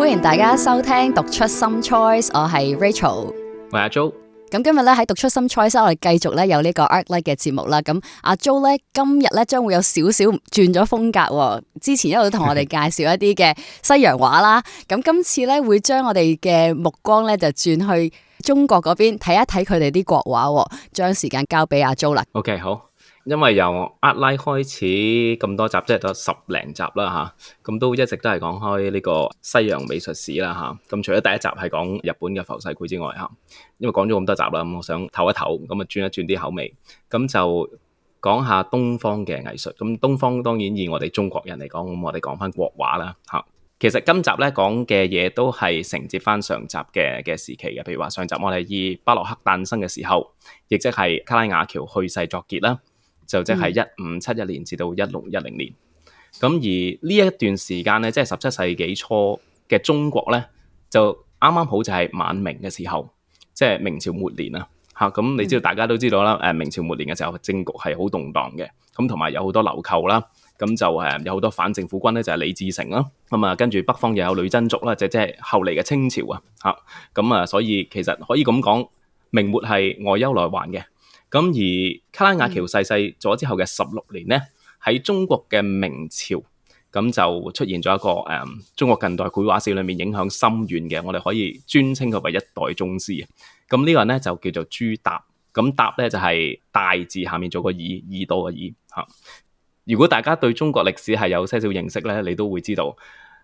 歡迎大家收聽讀出心 choice，我係 Rachel，喂，阿 Jo。咁今日咧喺讀出心 choice，我哋繼續咧有呢個 Art Like 嘅節目啦。咁阿 Jo 咧今日咧將會有少少轉咗風格，之前一路同我哋介紹一啲嘅西洋畫啦。咁 今次咧會將我哋嘅目光咧就轉去中國嗰邊睇一睇佢哋啲國畫。將時間交俾阿 Jo 啦。OK，好。因為由《阿拉》開始咁多集，即係得十零集啦，吓、啊、咁都一直都係講開呢個西洋美術史啦，吓、啊、咁除咗第一集係講日本嘅浮世繪之外，吓、啊、因為講咗咁多集啦，咁我想唞一唞，咁啊轉一轉啲口味，咁就講下東方嘅藝術。咁東方當然以我哋中國人嚟講，咁我哋講翻國畫啦吓。其實今集咧講嘅嘢都係承接翻上、上集嘅嘅時期嘅，譬如話上集我哋以巴洛克誕生嘅時候，亦即係卡拉瓦喬去世作結啦。就即係一五七一年至到一六一零年，咁、嗯、而呢一段時間咧，即係十七世紀初嘅中國咧，就啱啱好就係晚明嘅時候，即、就、係、是、明朝末年啦。吓咁、嗯，你知道大家都知道啦，誒明朝末年嘅時候政局係好動盪嘅，咁同埋有好多流寇啦，咁就誒有好多反政府軍咧，就係、是、李自成啦。咁啊，跟住北方又有女真族啦，即即係後嚟嘅清朝啊。吓咁啊，所以其實可以咁講，明末係外憂內患嘅。咁而卡拉瓦喬逝世咗之後嘅十六年呢，喺中國嘅明朝，咁就出現咗一個誒、嗯，中國近代繪畫史裏面影響深遠嘅，我哋可以尊稱佢為一代宗師啊。咁呢個人咧就叫做朱耷，咁耷咧就係、是、大字下面做個耳耳朵嘅耳吓。如果大家對中國歷史係有些少認識咧，你都會知道，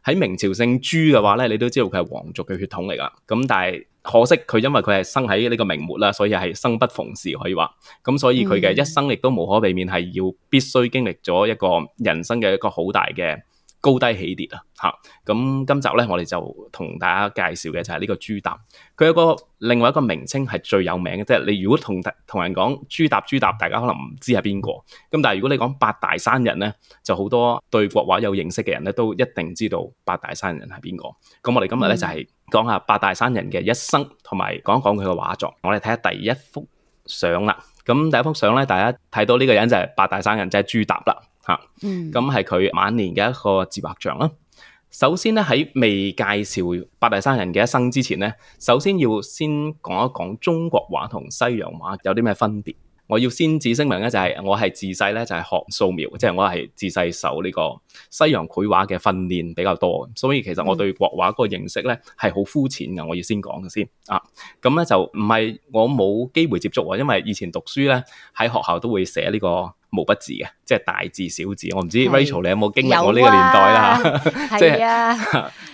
喺明朝姓朱嘅話，你都知道佢係皇族嘅血統嚟㗎，咁但係可惜佢因為佢係生喺呢個明末啦，所以係生不逢時可以話，咁所以佢嘅一生亦都無可避免係要必須經歷咗一個人生嘅一個好大嘅。高低起跌啊！嚇、嗯、咁今集咧，我哋就同大家介紹嘅就係呢個朱耷。佢有個另外一個名稱係最有名嘅，即係你如果同同人講朱耷、朱耷，大家可能唔知係邊個。咁但係如果你講八大山人咧，就好多對國畫有認識嘅人咧，都一定知道八大山人係邊個。咁我哋今日咧、嗯、就係講下八大山人嘅一生，同埋講一講佢嘅畫作。我哋睇下第一幅相啦。咁第一幅相咧，大家睇到呢個人就係八大山人，即、就、係、是、朱耷啦。吓，咁係佢晚年嘅一個自畫像啦、啊。首先咧，喺未介紹八大山人嘅一生之前咧，首先要先講一講中國畫同西洋畫有啲咩分別。我要先自聲明咧就係、是、我係自細咧就係、是、學素描，即、就、係、是、我係自細受呢個西洋繪畫嘅訓練比較多，所以其實我對國畫個認識咧係好膚淺㗎。我要先講先啊，咁咧就唔係我冇機會接觸啊，因為以前讀書咧喺學校都會寫呢、這個。毛筆字嘅，即係大字小字，我唔知 Rachel 你有冇經歷我呢個年代啦。係啊，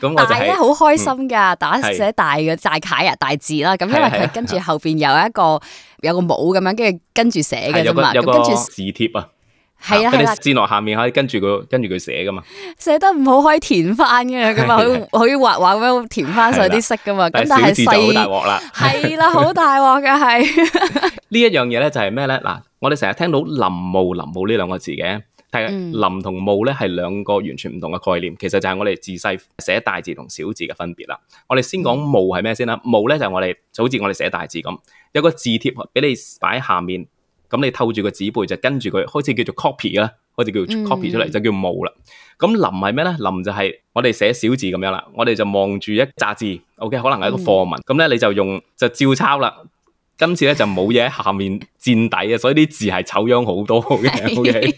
咁我就好開心噶，打寫大嘅大楷啊，大字啦。咁因為佢跟住後邊有一個有個帽咁樣，跟住跟住寫噶嘛。跟住字帖啊，係啊，跟住字落下面可以跟住佢跟住佢寫噶嘛。寫得唔好可以填翻嘅，咁啊可以畫畫咁填翻上啲色噶嘛。但係小字就大鑊啦，係啦，好大鑊嘅係。呢一樣嘢咧就係咩咧嗱？我哋成日聽到臨摹臨摹呢兩個字嘅，但係臨同摹咧係兩個完全唔同嘅概念。其實就係我哋自細寫大字同小字嘅分別啦。我哋先講摹係咩先啦？摹咧就我哋就好似我哋寫大字咁，有個字帖俾你擺下面，咁你透住個紙背就跟住佢開始叫做 copy 啦，開始叫 copy 出嚟就叫摹啦。咁臨係咩咧？臨就係我哋寫小字咁樣啦。我哋就望住一紮字，OK，可能係一個課文，咁咧你就用就照抄啦。今次咧就冇嘢喺下面墊底啊，所以啲字係醜樣好多嘅。 OK，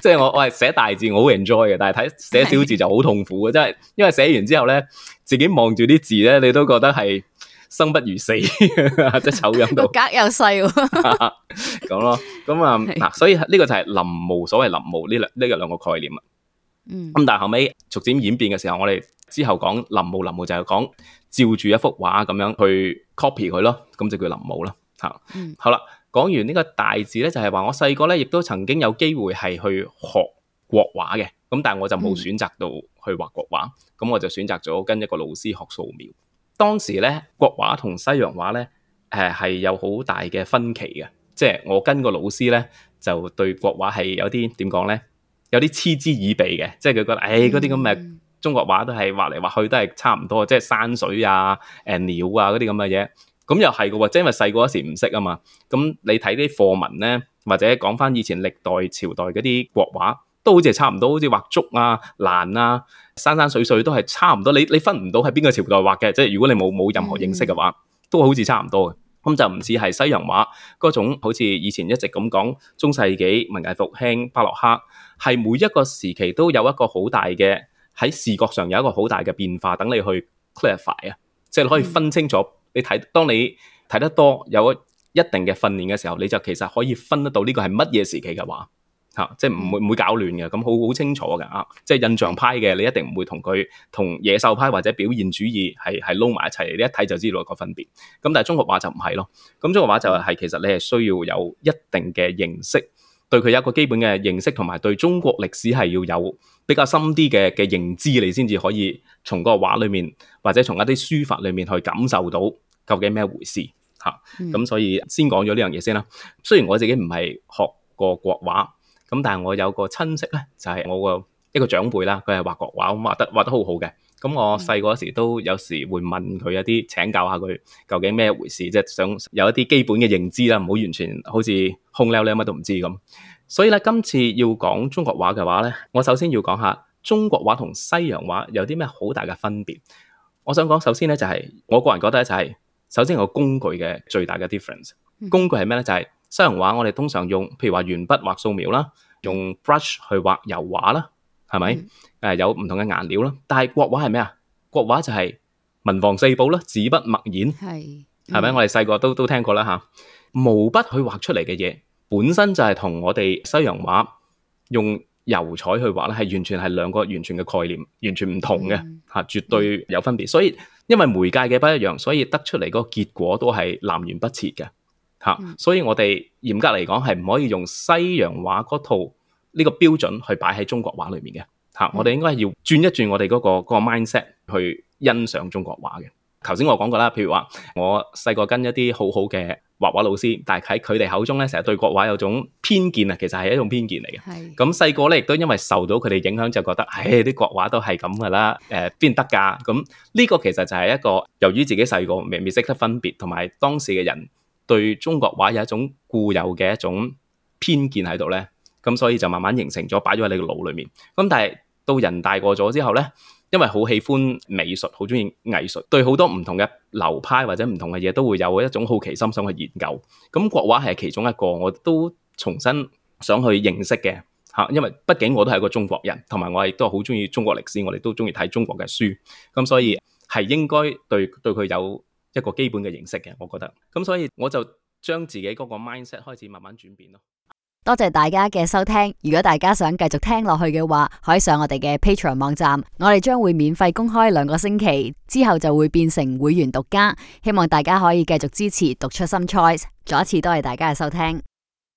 即係我我係寫大字，我好 enjoy 嘅，但係睇寫小字就好痛苦嘅，即係因為寫完之後咧，自己望住啲字咧，你都覺得係生不如死， 即係醜樣到格又細小。 咁、嗯、咯，咁啊嗱，所以呢個就係臨摹，所謂臨摹呢兩呢個兩個概念啊。嗯。咁但係後尾逐漸演變嘅時候，我哋。之後講臨摹，臨摹就係講照住一幅畫咁樣去 copy 佢咯，咁就叫臨摹啦。吓，嗯、好啦，講完呢個大字咧，就係、是、話我細個咧，亦都曾經有機會係去學國畫嘅，咁但係我就冇選擇到去畫國畫，咁、嗯、我就選擇咗跟一個老師學素描。當時咧國畫同西洋畫咧，誒、呃、係有好大嘅分歧嘅，即、就、係、是、我跟個老師咧就對國畫係有啲點講咧，有啲嗤之以鼻嘅，即係佢覺得誒嗰啲咁嘅。哎中國畫都係畫嚟畫去都係差唔多，即係山水啊、誒、呃、鳥啊嗰啲咁嘅嘢，咁又係嘅喎。即係因為細個嗰時唔識啊嘛，咁你睇啲課文咧，或者講翻以前歷代朝代嗰啲國畫，都好似係差唔多，好似畫竹啊、蘭啊、山山水水水都係差唔多。你你分唔到係邊個朝代畫嘅，即係如果你冇冇任何認識嘅話，都好似差唔多嘅。咁就唔似係西洋畫嗰種，好似以前一直咁講中世紀文藝復興巴洛克，係每一個時期都有一個好大嘅。喺視覺上有一個好大嘅變化，等你去 clarify 啊，即係你可以分清楚。你睇，當你睇得多有一定嘅訓練嘅時候，你就其實可以分得到呢個係乜嘢時期嘅畫，嚇、啊，即係唔會唔會搞亂嘅，咁好好清楚嘅啊。即係印象派嘅，你一定唔會同佢同野獸派或者表現主義係係撈埋一齊，你一睇就知道個分別。咁但係中國畫就唔係咯，咁中國畫就係其實你係需要有一定嘅認識。對佢有一個基本嘅認識，同埋對中國歷史係要有比較深啲嘅嘅認知，你先至可以從嗰個畫裏面，或者從一啲書法裏面去感受到究竟咩回事嚇。咁、嗯、所以先講咗呢樣嘢先啦。雖然我自己唔係學過國畫，咁但係我有個親戚咧，就係、是、我個一個長輩啦，佢係畫國畫，畫得畫得好好嘅。咁、嗯、我細個嗰時都有時會問佢一啲請教下佢究竟咩回事，即係想有一啲基本嘅認知啦，唔好完全好似空溜溜乜都唔知咁。所以咧今次要講中國畫嘅話咧，我首先要講下中國畫同西洋畫有啲咩好大嘅分別。我想講首先咧就係、是、我個人覺得咧就係首先個工具嘅最大嘅 difference。工具係咩咧？就係、是、西洋畫我哋通常用，譬如話鉛筆畫素描啦，用 brush 去畫油畫啦。係咪？誒有唔同嘅顏料咯，但係國畫係咩啊？國畫就係文房四寶咯，紙筆墨硯，係咪？我哋細個都都聽過啦嚇。毛筆去畫出嚟嘅嘢，本身就係同我哋西洋畫用油彩去畫咧，係完全係兩個完全嘅概念，完全唔同嘅嚇，絕對有分別。所以因為媒介嘅不一樣，所以得出嚟嗰個結果都係南轅北轍嘅嚇。所以我哋嚴格嚟講係唔可以用西洋畫嗰套。呢個標準去擺喺中國畫裏面嘅嚇，我哋應該係要轉一轉我哋嗰個嗰個 mindset 去欣賞中國畫嘅。頭先我講過啦，譬如話我細個跟一啲好好嘅畫畫老師，但係喺佢哋口中咧，成日對國畫有種偏見啊，其實係一種偏見嚟嘅。咁細個咧，亦都因為受到佢哋影響，就覺得唉啲國畫都係咁噶啦，誒邊得㗎？咁呢個其實就係一個由於自己細個未未識得分別，同埋當時嘅人對中國畫有一種固有嘅一種偏見喺度咧。咁所以就慢慢形成咗，擺咗喺你個腦裏面。咁但係到人大過咗之後呢，因為好喜歡美術，好中意藝術，對好多唔同嘅流派或者唔同嘅嘢都會有一種好奇心想去研究。咁國畫係其中一個，我都重新想去認識嘅。因為畢竟我都係個中國人，同埋我亦都好中意中國歷史，我哋都中意睇中國嘅書。咁所以係應該對對佢有一個基本嘅認識嘅，我覺得。咁所以我就將自己嗰個 mindset 開始慢慢轉變咯。多謝大家嘅收聽，如果大家想繼續聽落去嘅話，可以上我哋嘅 Patreon 網站，我哋將會免費公開兩個星期，之後就會變成會員獨家。希望大家可以繼續支持讀出 Some Choice，再一次多謝大家嘅收聽。